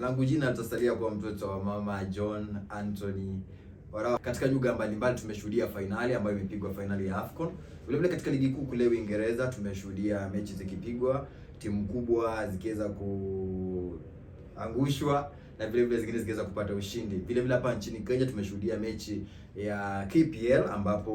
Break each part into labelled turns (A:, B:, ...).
A: langu jina litasalia kwa mtoto wa mama John Anthony Wara. Katika nyuga mbalimbali tumeshuhudia fainali ambayo imepigwa fainali ya AFCON. Vile vile katika ligi kuu kule Uingereza tumeshuhudia mechi zikipigwa, timu kubwa zikiweza kuangushwa na vile vile zingine zingeweza kupata ushindi. Vile vile hapa nchini Kenya tumeshuhudia mechi ya KPL ambapo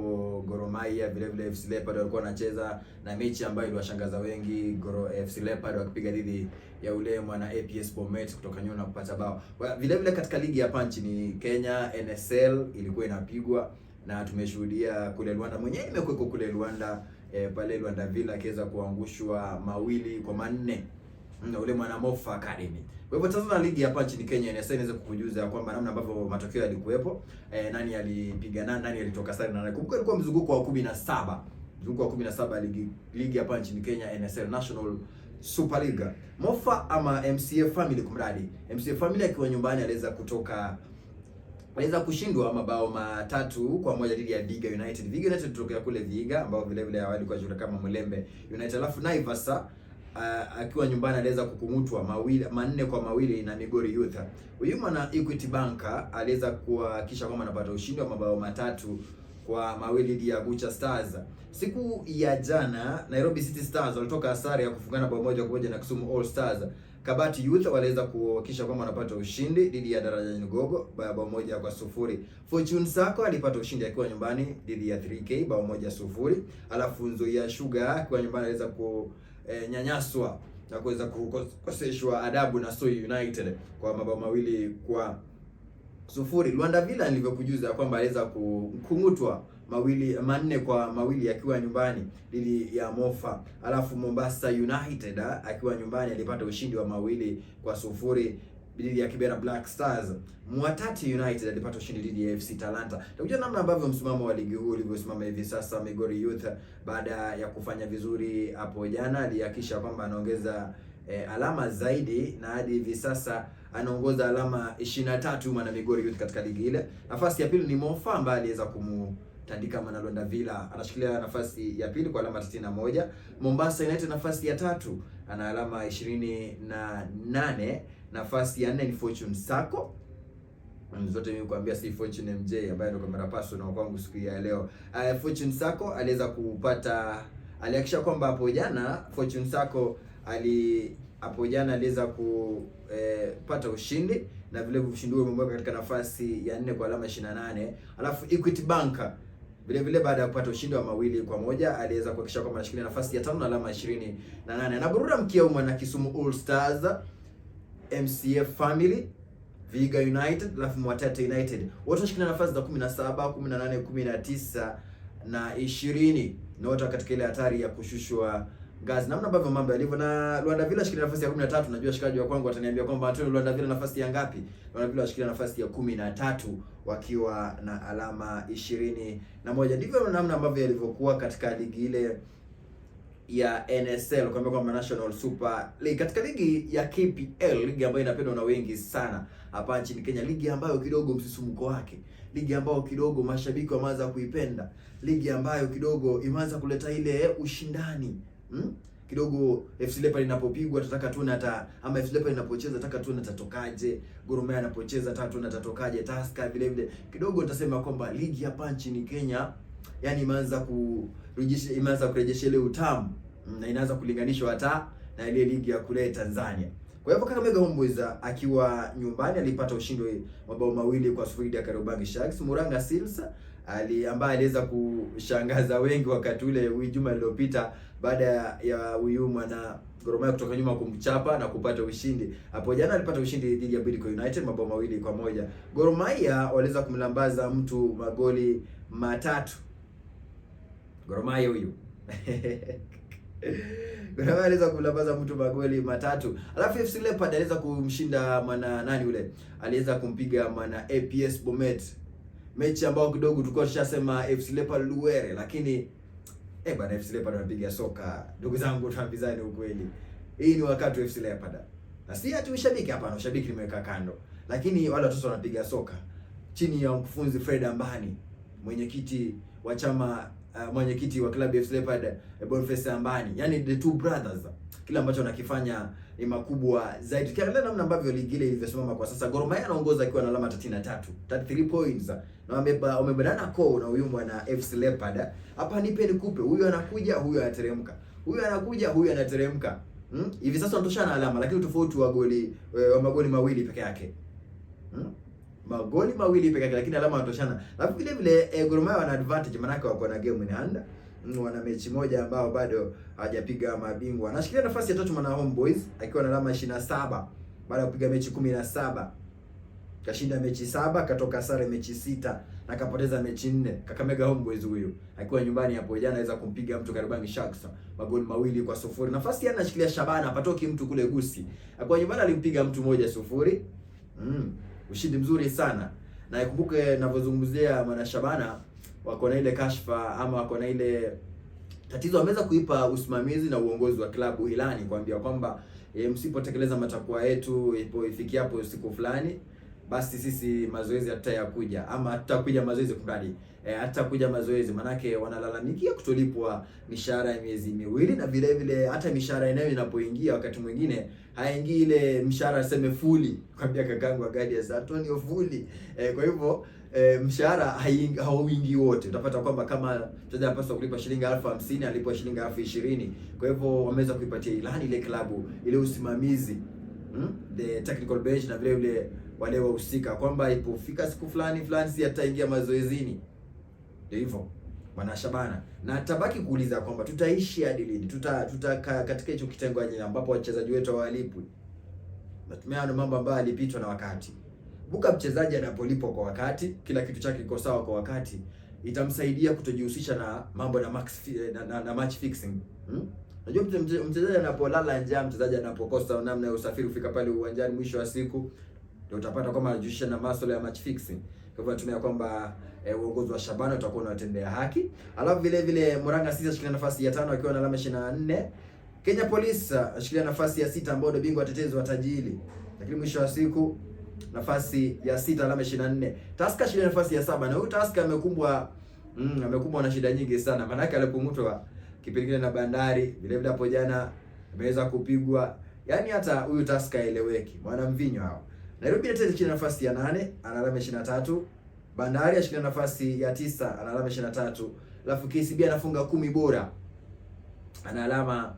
A: Gor Mahia vile vile FC Leopard walikuwa wanacheza na mechi ambayo iliwashangaza wengi, Gor FC Leopard wakipiga dhidi ya ule mwana APS Bomet kutoka nyuma na kupata bao. Vile vile katika ligi hapa nchini Kenya NSL ilikuwa inapigwa na tumeshuhudia kule Rwanda mwenyewe imekuwa kule Rwanda eh, pale Rwanda Villa akiweza kuangushwa mawili kwa manne na ule mwana Mwanamofa Academy. Kwa hivyo tazama ligi hapa nchini Kenya NSL inaweza kukujuza ya kwamba namna ambavyo matokeo yalikuwepo, eh, nani alipiga nani nani alitoka sare na nani. Kumbuka ilikuwa mzunguko wa 17. Mzunguko wa 17 ligi ligi hapa nchini Kenya NSL National Super League. Mofa ama MCA Family kumradi. MCA Family akiwa nyumbani aliweza kutoka aliweza kushindwa mabao matatu kwa moja dhidi ya Viga United. Viga United kutoka kule Viga ambao vile vile awali kwa jina kama Mlembe United. Alafu Naivasa uh, akiwa nyumbani aliweza kukung'utwa mawili manne kwa mawili na Migori Youth. Huyu mwana Equity Banka aliweza kuhakikisha kwamba anapata ushindi wa mabao matatu kwa mawili dhidi ya Bucha Stars. Siku ya jana Nairobi City Stars walitoka sare ya kufungana bao moja kwa moja na Kisumu All Stars. Kabati Youth waliweza kuhakikisha kwamba wanapata ushindi dhidi ya Daraja Ngogo bao moja kwa sufuri. Fortune Sako alipata ushindi akiwa nyumbani dhidi ya 3K bao moja sufuri. Alafu Nzoia Sugar akiwa nyumbani aliweza ku e, nyanyaswa na kuweza kukoseshwa adabu na Soy United kwa mabao mawili kwa sufuri. Luanda Villa nilivyokujuza kwamba aliweza kukung'utwa mawili manne kwa mawili akiwa nyumbani dhidi ya Mofa. Alafu Mombasa United ah, akiwa nyumbani alipata ushindi wa mawili kwa sufuri dhidi ya Kibera Black Stars. Mwatati United alipata ushindi dhidi ya FC Talanta. Takuja namna ambavyo msimamo wa ligi huu ulivyosimama hivi sasa. Migori Youth baada ya kufanya vizuri hapo jana alihakisha kwamba anaongeza eh, alama zaidi na hadi hivi sasa anaongoza alama 23 maana Migori Youth katika ligi ile. Nafasi ya pili ni Mofa ambaye aliweza kumu tandika Manalonda Villa anashikilia nafasi ya pili kwa alama 61. Mombasa United nafasi ya tatu ana alama 28 na Nafasi ya nne ni Fortune Sacco mm, zote mimi kuambia si Fortune MJ ambaye ndo kamera person na kwangu siku ya leo. Uh, Fortune Sacco aliweza kupata alihakisha kwamba hapo jana Fortune Sacco ali hapo jana aliweza kupata eh, ushindi na vile ushindi huo umemweka katika nafasi ya nne kwa alama 28. Alafu Equity Banker vile vile baada ya kupata ushindi wa mawili kwa moja aliweza kuhakikisha kwamba anashikilia nafasi ya tano na alama 28 na, na mkia Mkiauma na Kisumu All Stars MCF Family, Viga United, alafu Mwatate United. Wote wanashikilia nafasi za 17, 18, 19 na 20 na wote katika ile hatari ya kushushwa ngazi. Namna ambavyo mambo yalivyo na Luanda Villa shikilia nafasi ya 13. Najua shikaji wa kwangu wataniambia kwamba Antonio Luanda Villa nafasi ya ngapi? Luanda Villa washikilia nafasi ya 13 wakiwa na alama 21. Ndivyo namna ambavyo yalivyokuwa katika ligi ile ya NSL kwa kwamba National Super League katika ligi ya KPL, ligi ambayo inapendwa na wengi sana hapa nchini Kenya, ligi ambayo kidogo msisimko wake, ligi ambayo kidogo mashabiki wameanza kuipenda, ligi ambayo kidogo imeanza kuleta ile ushindani hmm? kidogo FC Leopard inapopigwa tataka tu na ama FC Leopard inapocheza tataka tu natatokaje, Gor Mahia inapocheza tataka tu natatokaje, Tusker vile vile kidogo utasema kwamba ligi hapa nchini Kenya yani imeanza kurejesha imeanza kurejesha ile utamu mm, na inaanza kulinganishwa hata na ile ligi ya kule Tanzania. Kwa hivyo Kakamega Homeboyz akiwa nyumbani alipata ushindi mabao mawili kwa sifuri dhidi ya Kariobangi Sharks. Muranga Seals ali ambaye aliweza kushangaza wengi wakati ule wiki juma lililopita baada ya huyu mwana Gor Mahia kutoka nyuma kumchapa na kupata ushindi. Hapo jana alipata ushindi dhidi ya Bidco United mabao mawili kwa moja. Gor Mahia waliweza kumlambaza mtu magoli matatu Gor Mahia huyu Gor aliweza kumlabaza mtu magoli matatu. Alafu FC Leopard aliweza kumshinda mwana nani yule? Aliweza kumpiga mwana APS Bomet. Mechi ambayo kidogo tulikuwa tushasema FC Leopard Luere lakini eh, bwana, FC Leopard anapiga soka. Ndugu zangu tuambizane ukweli. Hii ni wakati wa FC Leopard. Na si ati ushabiki hapa na ushabiki nimeweka kando. Lakini wale watoto wanapiga soka chini ya mkufunzi Fred Ambani, mwenyekiti wa chama Uh, mwenyekiti wa klabu ya FC Leopard eh, Boniface Ambani, yani the two brothers. Kile ambacho wanakifanya ni makubwa zaidi. Kiangalia namna ambavyo ligi ile ilivyosimama kwa sasa, Gor Mahia anaongoza akiwa na alama 33, 33 points na wamebadana ko na huyu mwana FC Leopard. Hapa nipe nikupe, huyu anakuja, huyu anateremka, huyu anakuja, huyu anateremka. Hmm? hivi Hmm? sasa wanatoshana alama, lakini tofauti wa goli eh, wa magoli mawili peke yake. Hmm? magoli mawili peke yake, lakini alama watoshana. Alafu vile vile e, Gor Mahia wana advantage, maanake wako na game in hand, mm, wana mechi moja ambao bado hawajapiga mabingwa. Anashikilia nafasi ya tatu mwana Homeboys akiwa na alama 27 baada ya kupiga mechi 17. Kashinda mechi saba, katoka sare mechi sita na kapoteza mechi nne. Kakamega Homeboys huyu akiwa nyumbani hapo jana anaweza kumpiga mtu Kariobangi Sharks magoli mawili kwa sufuri. Nafasi yana anashikilia Shabana, patoki mtu kule Gusi. Akiwa nyumbani alimpiga mtu moja sufuri. Mm ushindi mzuri sana na ikumbuke ninavyozungumzia Mwana Shabana wako na ile kashfa ama wako na ile tatizo ameweza kuipa usimamizi na uongozi wa klabu Hilani kuambia kwamba e, msipotekeleza matakwa yetu ipo ifikiapo siku fulani basi sisi mazoezi hatutayakuja ama hatutakuja mazoezi kumradi e, hatutakuja mazoezi. Manake wanalalamikia kutolipwa mishahara ya miezi miwili, na vile vile hata mishahara yenyewe inapoingia wakati mwingine haingii ile mshahara aseme fuli, kwambia kakangu ya Antonio fuli e, kwa hivyo e, mshahara hauingii wote. Utapata kwamba kama mchezaji anapaswa kulipa shilingi elfu hamsini alipwa shilingi elfu ishirini Kwa hivyo wameweza kuipatia ilani ile klabu ile usimamizi hmm? the technical bench na vile vile wale wahusika kwamba ipofika siku fulani fulani, si ataingia mazoezini. Ndio hivyo bwana Shabana, na tabaki kuuliza kwamba tutaishi hadi lini, tuta, tuta katika hicho kitengo ambapo wachezaji wetu hawalipwi. Natumia ndo mambo ambayo alipitwa na wakati. Buka mchezaji anapolipwa kwa wakati, kila kitu chake kiko sawa kwa wakati, itamsaidia kutojihusisha na mambo na max na, na, na match fixing hmm? Najua mchezaji anapolala njaa, mchezaji anapokosa namna ya usafiri kufika pale uwanjani, mwisho wa siku ndio utapata kwamba anajihusisha na masuala ya match fixing. Kwa hivyo natumia kwamba e, uongozi wa Shabana utakuwa unatembea haki. Alafu vile vile Muranga sisi ashikilia nafasi ya tano akiwa na alama 24. Kenya Police ah, ashikilia nafasi ya sita ambao ndio bingwa watetezi wa tajili. Lakini mwisho wa siku nafasi ya sita alama 24. Tusker ashikilia nafasi ya saba na huyu Tusker amekumbwa mm, amekumbwa na shida nyingi sana. Maana yake alipomutwa kipindi kile na Bandari, vile vile hapo jana ameweza kupigwa. Yaani hata huyu Tusker aeleweki. Bwana mvinyo hao. Nairobi United ilishikilia nafasi ya nane ana alama tatu. Bandari ashikilia nafasi ya tisa ana alama tatu. alafu KCB anafunga kumi bora ana alama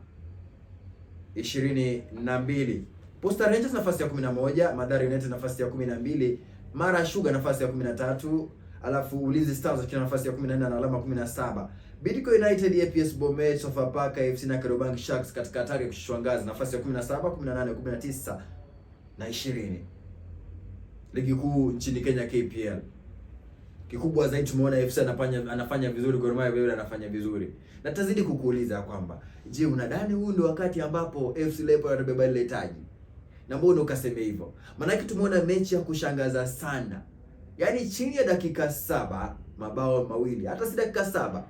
A: ishirini na mbili. Posta Rangers nafasi ya 11, Mathare United nafasi ya 12, Mara Sugar nafasi ya 13, alafu Ulinzi Stars wakiwa nafasi ya 14 na alama 17. Bidco United, APS Bomet, Sofapaka FC na Kariobangi Sharks katika hatari ya kushushwa ngazi nafasi ya 17, 18, 19 na 20 ligi kuu nchini Kenya KPL. Kikubwa zaidi tumeona FC anafanya anafanya vizuri, Gor Mahia vile anafanya vizuri. Na tazidi kukuuliza kwamba je, unadhani huu ndio wakati ambapo FC Leopards atabeba ile taji? Na mbona ukaseme hivyo? Maanake tumeona mechi ya kushangaza sana. Yaani chini ya dakika saba mabao mawili, hata si dakika saba.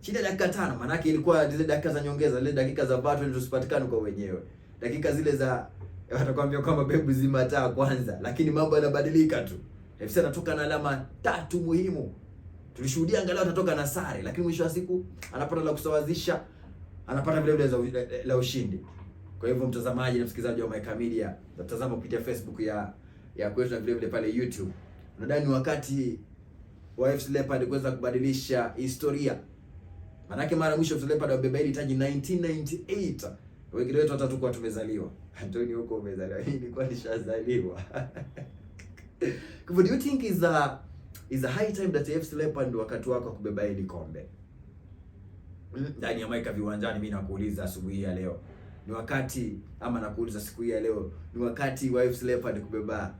A: Chini ya dakika tano maanake ilikuwa zile dakika za nyongeza, zile dakika za watu tusipatikane kwa wenyewe. Dakika zile za watakwambia kwamba mbegu zimataa kwanza, lakini mambo yanabadilika tu. AFC anatoka na alama tatu muhimu. Tulishuhudia angalau atatoka na sare, lakini mwisho wa siku anapata la kusawazisha, anapata vile vile la ushindi. Kwa hivyo, mtazamaji na msikilizaji wa Amaica Media, natazama kupitia Facebook ya ya kwetu na vile vile pale YouTube, nadhani wakati wa FC Leopard kuweza kubadilisha historia, maanake mara mwisho FC Leopard wabeba hili taji 1998 wengine wetu hata tukuwa tumezaliwa. Antoni huko umezaliwa. Hii ilikuwa nishazaliwa. Kwa do you think is a is a high time that AFC Leopards wakati wako wa kubeba hili kombe? Ndani ya maika viwanjani mimi nakuuliza asubuhi ya leo. Ni wakati ama nakuuliza siku hii ya leo, ni wakati wa AFC Leopards kubeba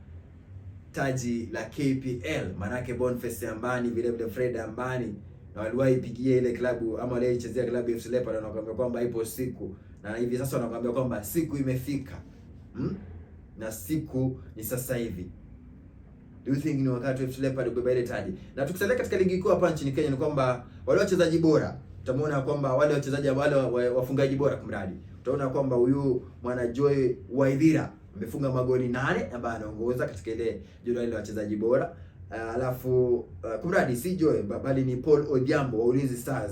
A: taji la KPL. Manake Boniface Ambani vile vile Fred Ambani na waliwahi pigia ile klabu ama waliwahi chezea klabu AFC Leopards na wakaambia kwamba ipo siku na hivi sasa wanakuambia kwamba siku imefika hmm? na siku ni sasa hivi. Do you think ni wakati wa Leopard kubeba ile taji? Na tukisalia katika ligi kuu hapa nchini Kenya ni kwamba wale wachezaji bora utamuona kwamba wale wachezaji wale wafungaji bora kumradi, utaona kwamba huyu mwana Joy Waidhira amefunga magoli nane ambaye anaongoza katika ile jumla ile wachezaji bora. uh, Alafu uh, kumradi si Joy bali ni Paul Odhiambo wa Ulinzi Stars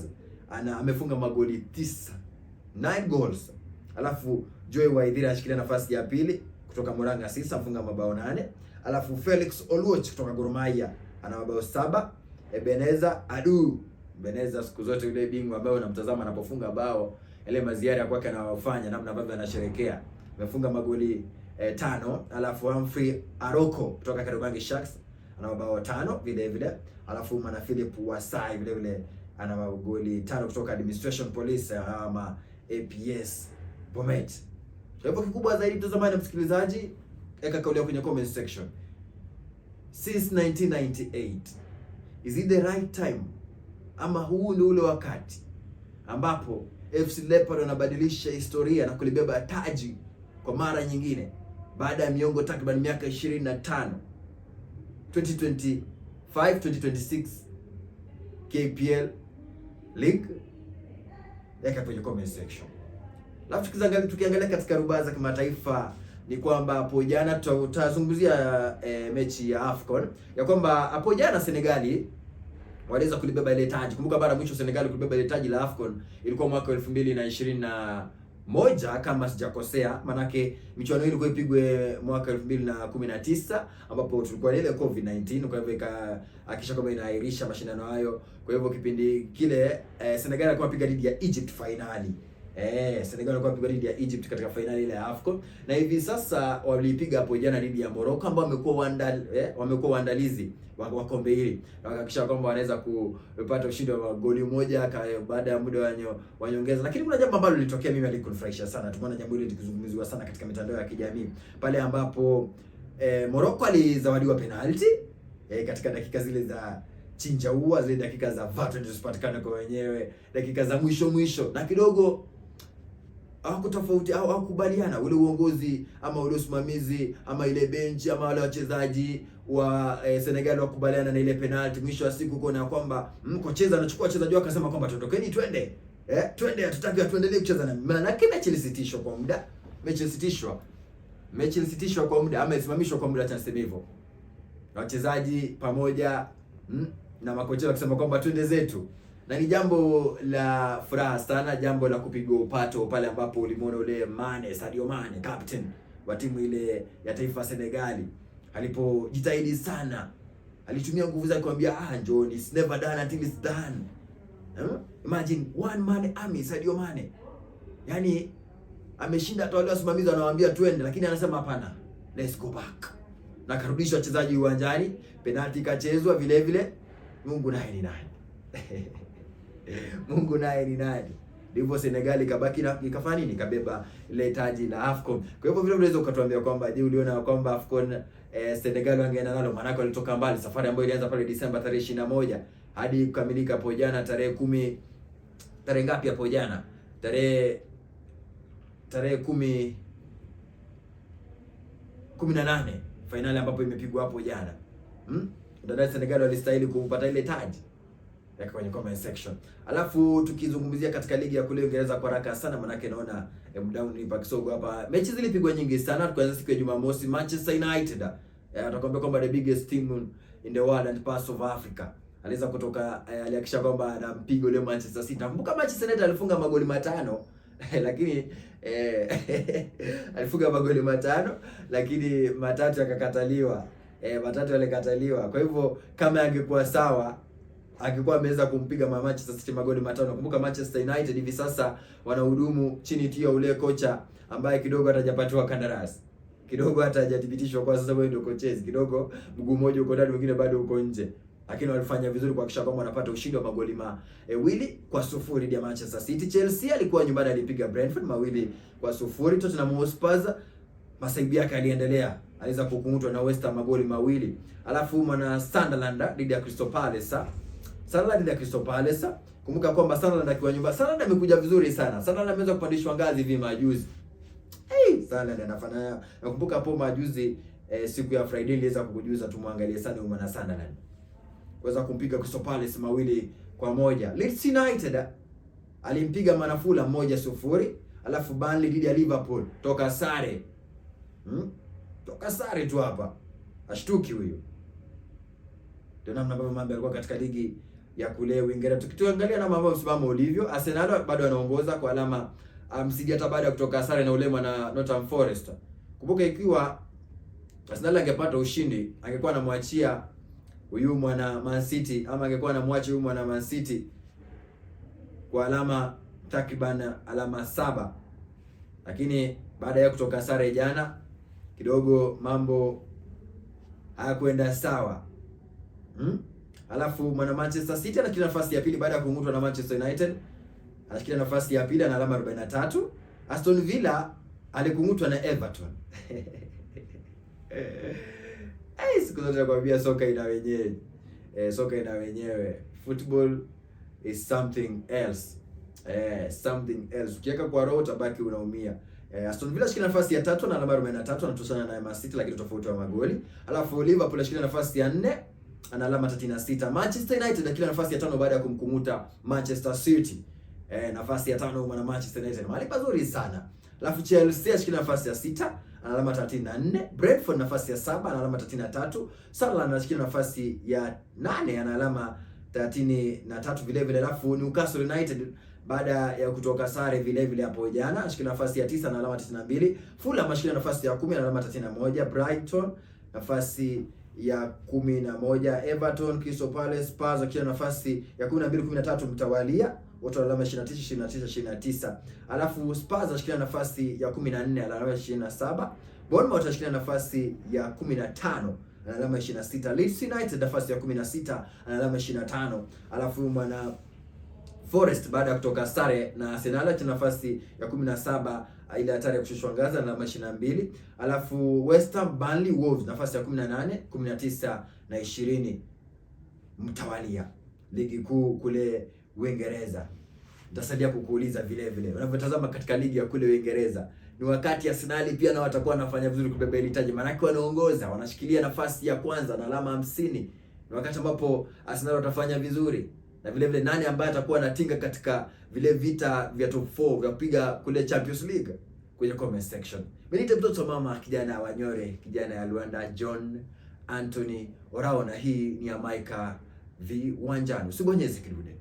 A: ana amefunga magoli tisa. 9 goals. Alafu Joy Waithira ashikilia nafasi ya pili kutoka Murang'a Sisa afunga mabao nane. Alafu Felix Oluoch kutoka Gor Mahia ana mabao saba. Ebeneza Adu, Ebeneza siku zote yule bingwa ambaye unamtazama anapofunga bao, ile maziara kwake anawafanya namna ambavyo anasherekea. Amefunga magoli e, tano. Alafu Humphrey Aroko kutoka Kariobangi Sharks ana mabao tano vile vile. Alafu Mana Philip Wasai vile vile ana magoli tano kutoka Administration Police ama APS Bomet. Kwa hivyo kikubwa zaidi, mtazamaji na msikilizaji, eka kauli kwenye comment section. Since 1998 is it the right time? Ama huu ni ule wakati ambapo FC Leopard wanabadilisha historia na kulibeba taji kwa mara nyingine baada ya miongo takriban miaka 25. 2025 2026 KPL League weka kwenye comment section. Alafu tukiangalia katika rubaa za kimataifa ni kwamba hapo jana tutazungumzia e, mechi ya Afcon ya kwamba hapo jana Senegali waliweza kulibeba ile taji. Kumbuka bara mwisho Senegali kulibeba ile taji la Afcon ilikuwa mwaka 2020 na moja kama sijakosea, manake michuano hii ilikuwa ipigwe mwaka 2019 ambapo tulikuwa ile COVID 19, kwa hivyo ikahakisha kwamba inaahirisha mashindano hayo. Kwa hivyo kipindi kile eh, Senegal alikuwa apiga dhidi ya Egypt finali. Eh, Senegal walikuwa wapigwa dhidi ya Egypt katika fainali ile ya AFCON na hivi sasa walipiga hapo jana dhidi ya Morocco ambao wamekuwa waandal, eh, wamekuwa waandalizi wa kombe hili na kwamba wanaweza kupata ushindi wa goli moja baada ya muda wa wanyongeza. Lakini kuna jambo ambalo lilitokea, mimi alikunfurahisha sana. Tumeona jambo hili likizungumziwa sana katika mitandao ya kijamii pale ambapo eh, Morocco alizawadiwa penalti eh, katika dakika zile za chinja ua zile dakika za vatu ndio zipatikane kwa wenyewe, dakika za mwisho mwisho na kidogo hawakutofauti au hawakubaliana ule uongozi ama ule usimamizi ama ile benchi ama wale wachezaji wa e, Senegal wakubaliana na ile penalti. Mwisho wa siku kuona kwamba mkocheza anachukua wachezaji wake akasema kwamba tutokeni twende eh, twende, hatutaki tuendelee kucheza na maana yake. Mechi ilisitishwa kwa muda, mechi ilisitishwa, mechi ilisitishwa kwa muda ama isimamishwa kwa muda, acha hivyo, wachezaji pamoja mm, na makocha wakisema kwamba twende zetu na ni jambo la furaha sana, jambo la kupigwa upato pale ambapo ulimwona ule Mane, Sadio Mane, captain wa timu ile ya taifa Senegali, alipojitahidi sana, alitumia nguvu zake kumwambia ah, John it's never done until it's done. Huh? Hmm? Imagine one man army, Sadio Mane, yani ameshinda hata wale wasimamizi wanawaambia twende, lakini anasema hapana, let's go back, na karudisha wachezaji uwanjani, penalti ikachezwa vile vile. Mungu naye ni nani? Mungu naye ni nani? Ndivyo Senegal ikabaki na ikafanya nini? Ikabeba ile taji la AFCON. Kwa hivyo vile unaweza ukatuambia kwamba je, uliona kwamba AFCON eh, Senegal wangeenda nalo maana walitoka mbali, safari ambayo ilianza pale Disemba tarehe ishirini moja hadi kukamilika hapo jana tarehe kumi tarehe ngapi hapo jana? Tarehe tarehe kumi kumi na nane fainali ambapo imepigwa hapo jana. Mm? Dada Senegal walistahili kupata ile taji ya kwenye comment section. Alafu tukizungumzia katika ligi ya kule Uingereza kwa haraka sana, manake naona eh, mdau ni Pakisogo hapa. Mechi zilipigwa nyingi sana, tukaanza siku ya Jumamosi Manchester United eh, atakwambia kwamba the biggest team in the world and parts of Africa aliweza kutoka eh, alihakisha kwamba anampiga ule Manchester City. Kumbuka Manchester United alifunga magoli matano lakini eh, alifunga magoli matano lakini matatu yakakataliwa. Eh, matatu yalikataliwa. Kwa hivyo kama yangekuwa sawa akikuwa ameweza kumpiga ma Manchester City magoli matano. Kumbuka Manchester United hivi sasa wanahudumu chini tu ya ule kocha ambaye kidogo hatajapatiwa kandarasi kidogo hata hajathibitishwa kwa sasa, wewe ndio kochezi kidogo, mguu mmoja uko ndani, mwingine bado uko nje, lakini walifanya vizuri kuhakikisha kwamba wanapata ushindi wa magoli mawili e, kwa sufuri dhidi ya Manchester City. Chelsea alikuwa nyumbani, alipiga Brentford mawili kwa sufuri. Tottenham Hotspur masaibu yake aliendelea, aliweza kukung'utwa na West Ham magoli mawili, alafu na Sunderland dhidi ya Crystal Palace Sunderland na Crystal Palace. Kumbuka kwamba Sunderland akiwa nyumbani. Sunderland amekuja vizuri sana. Sunderland ameweza kupandishwa ngazi hivi majuzi. Hey, Sunderland anafanya. Nakumbuka hapo majuzi eh, siku ya Friday iliweza kukujuza tumwangalie sana huyu umana Sunderland. Kuweza kumpiga Crystal Palace mawili kwa moja. Leeds United eh, alimpiga Manafula moja sufuri, alafu Burnley dhidi ya Liverpool toka sare. Hmm? Toka sare tu hapa. Ashtuki huyu. Ndio namna ambavyo mambo yalikuwa katika ligi ya kule Uingereza. Tukituangalia na mambo msimamo ulivyo, Arsenal bado anaongoza kwa alama msija um, hata baada ya kutoka sare na ulema na Nottingham Forest. Kumbuka ikiwa Arsenal angepata ushindi, angekuwa anamwachia huyu mwana Man City ama angekuwa anamwacha huyu mwana Man City kwa alama takriban alama saba, lakini baada ya kutoka sare jana kidogo mambo hayakwenda sawa hmm? Alafu mwana Manchester City anashikilia nafasi ya pili baada ya kuungutwa na Manchester United. Anashikilia nafasi ya pili ana alama 43. Aston Villa alikung'utwa na Everton. Eh, siku zote nakwambia soka ina wenyewe. Eh, soka ina wenyewe. Football is something else. Eh, something else. Ukiweka kwa roho utabaki unaumia. Eh, Aston Villa shikilia nafasi ya tatu na alama 43 anatosana na Man City lakini tofauti wa magoli. Alafu Liverpool shikilia nafasi ya nne ana alama 36. Manchester United akila nafasi ya tano baada ya kumkumuta Manchester City. Eh, nafasi ya tano mwana Manchester United. Mahali pazuri sana. Alafu Chelsea ashikilia nafasi ya sita ana alama 34, Brentford nafasi ya saba ana alama 33, Sunderland anashikilia nafasi ya nane ana alama 33 vile vile, alafu Newcastle United baada ya kutoka sare vile vile hapo jana anashikilia nafasi ya tisa na alama 92, Fulham anashikilia nafasi ya kumi na alama 31, Brighton nafasi ya 11, Everton, Crystal Palace, Spurs wakiwa nafasi ya 12 13 mtawalia wote alama 29 29 29. Alafu Spurs ashikilia nafasi ya 14 alama 27. Bournemouth ashikilia nafasi ya 15 alama 26. Leeds United nafasi ya 16 alama 25. Alafu mwana Forest baada ya kutoka sare na Arsenal ana nafasi ya 17 ile hatari ya kushushwa ngazi alama 22. Alafu West Ham, Burnley, Wolves nafasi ya 18, 19 na 20 mtawalia ligi kuu kule Uingereza. Nitasaidia kukuuliza vile vile unavyotazama katika ligi ya kule Uingereza, ni wakati Arsenal pia na watakuwa wanafanya vizuri kubeba ile taji, maanake wanaongoza, wanashikilia nafasi ya kwanza na alama 50. Ni wakati ambapo Arsenal watafanya vizuri na vile vile nani ambaye atakuwa anatinga katika vile vita vya top 4 vya kupiga kule Champions League kwenye comment section. Mimi mtoto mama kijana wa Nyore, kijana ya Luanda John Anthony Orao, na hii ni Amaika Viwanjani, usibonyeze kidude.